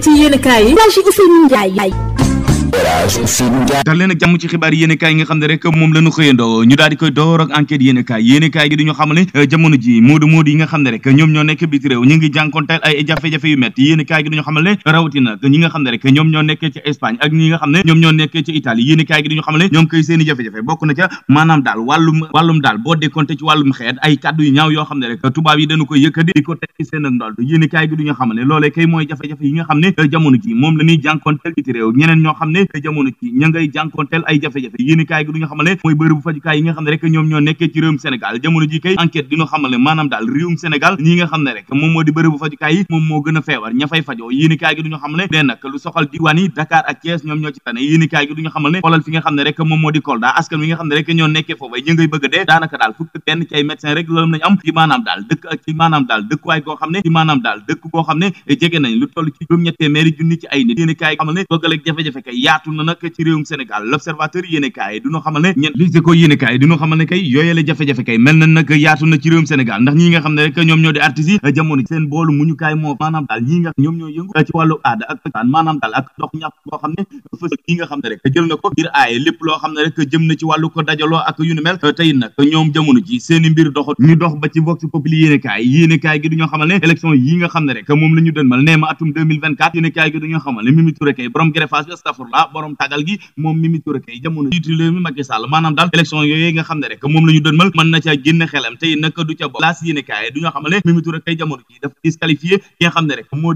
ci yéen kaay yi. dal leen ak jàmm ci xibaar yéenekaay yi nga xam ne rek moom la ñu xëyandoo ñu daal koy door ak enquête euh, yi nga ñu xamale rawatina kay mooy jafe-jafe yi nga xam ne euh, jamono ji moom la ñuy biti réew ñeneen ñoo xam ne te jamono ci ña ngay jànkonteel ay jafe-jafe yéen kaay gi du ñu xamal ne mooy bërëbu fajukaay yi nga xam ne rek ñoom ñoo nekkee ci réewum Sénégal jamono ji kay enquête dinu xamal ne maanaam daal nga xam ne rek moom moo di bërëbu fajukaay yi moom moo a feebar ña fay ne dee nag lu soxal diwaan yi Dakar ak Thiès ñoom ñoo ci tane yéen kaay gi du ñu xamal ne xoolal fi a dee dëkk ci maanaam daal dëkkuwaay goo xam ne ci maanaam daal dëkk goo xam ne jege nañ lu toll ci juróom-ñetti junni ci ay nit yéen xamal ne bëgg jafe-jafe kay yaatu na nag ci réewum Sénégal l'observateur yéene kaay du xamal ne kay yooyee jafe-jafe kay mel na nag yaatu na ci réewum Sénégal ndax ñi nga xam ne rek ñoom jël na ko ngir aaye lépp loo xam ne rek jëm na ci wàllu ko dajaloo ak yu ni mel tey nag ñoom jamono ji seeni mbir dox ñu dox ba ci vox populi yéene kaay yéene kaay gi duñoo xamal ne élection yi nga xam ne rek moom la ñu dënmal nee ma atum 2024 yéene kaay gi duñoo xamal ne Mimi Touré kay borom greffage candidat ah, borom tagal gi moom Mimi Touré kay jamono jiitu réew mi Macky Sall maanaam daal élection yooyu nga xam ne rek moom la ñu dënmal na ca génn xelam tey nag du ca bopp laas yéene kaay du ñu xamale ne rek moo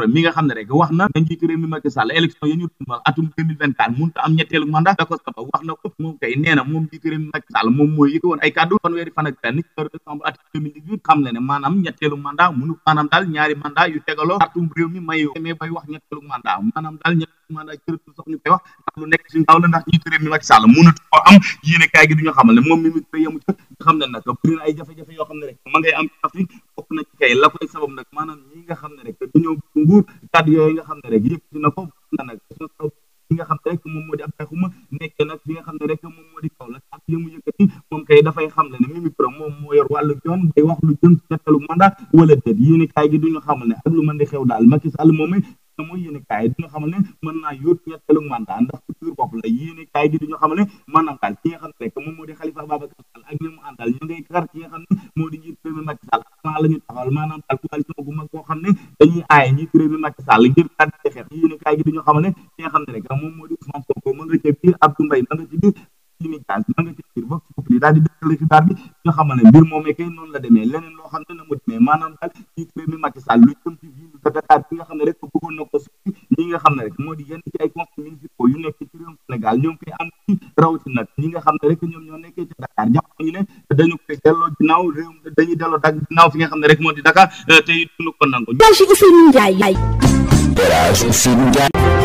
di mi nga nga xam ne rek wax na na njiitu réew mi Macky Sall élection yi ñu tumal atum 2024 mënut a am ñetteelu mandat da ko wax na ko moom kay nee moom njiitu réew mi moom mooy yëkk woon ay kàddu fanweeri fan ak benn ci décembre atum 2018 xam le ne maanaam daal ñaari mandat yu tegaloo atum réew mi may mais bay wax ñetteelu mandat maanaam daal maanaam jërëjëf sax ñu koy wax nekk suñu kaw la ndax njiitu réew ne moom mi mu nga xam ne nag bëri yoo xam ne rek ma ngay am ci Afrique bokk na ci maanaam nga xam ne rek dañoo nguur kàddu yooyu nga xam ne rek yëkkati na ko na nag nga xam ne rek moom moo di Abdoulaye Khouma nekk nag li nga xam ne rek moom moo di kaw la ak yëmu yëkkati moom kay dafay xam ne ne Mimi moom moo yor wàllu yoon bay wax lu jëm ci ñetteelu mandat wala déet yéene kaay gi duñu xamal ne ak lu man di xew daal Macky Sall moom te mooy yéene kaay duñu xamal ne mën naa yóot ñetteelu mandat ndax ku tur bopp la yéene kaay gi duñu xamal ne maanaam daal ki nga xam ne rek moom moo di Khalifa Ababacar Sall ak ñi mu àndal ñu ngay kar ki nga xam ne moo la ñu taxawal maanaam daal moom moo kay noonu la demee leneen loo xam ne na mu demee maanaam daal njiit réew mi Macky Sall lu jëm ci peut-être at bi nga xam ne rek bëggoon na ko si nga xam ne rek moo di yenn ci ay conseils municipaux yu nekk ci réewum Sénégal am ci rawatina ñi nga xam ne rek ñoom ñoo nekkee ci Dakar jàpp nañu ne dañu koy delloo ginnaaw réewum dañuy delloo dak ginnaaw fi nga xam ne rek moo di Dakar te it duñu ko nangu.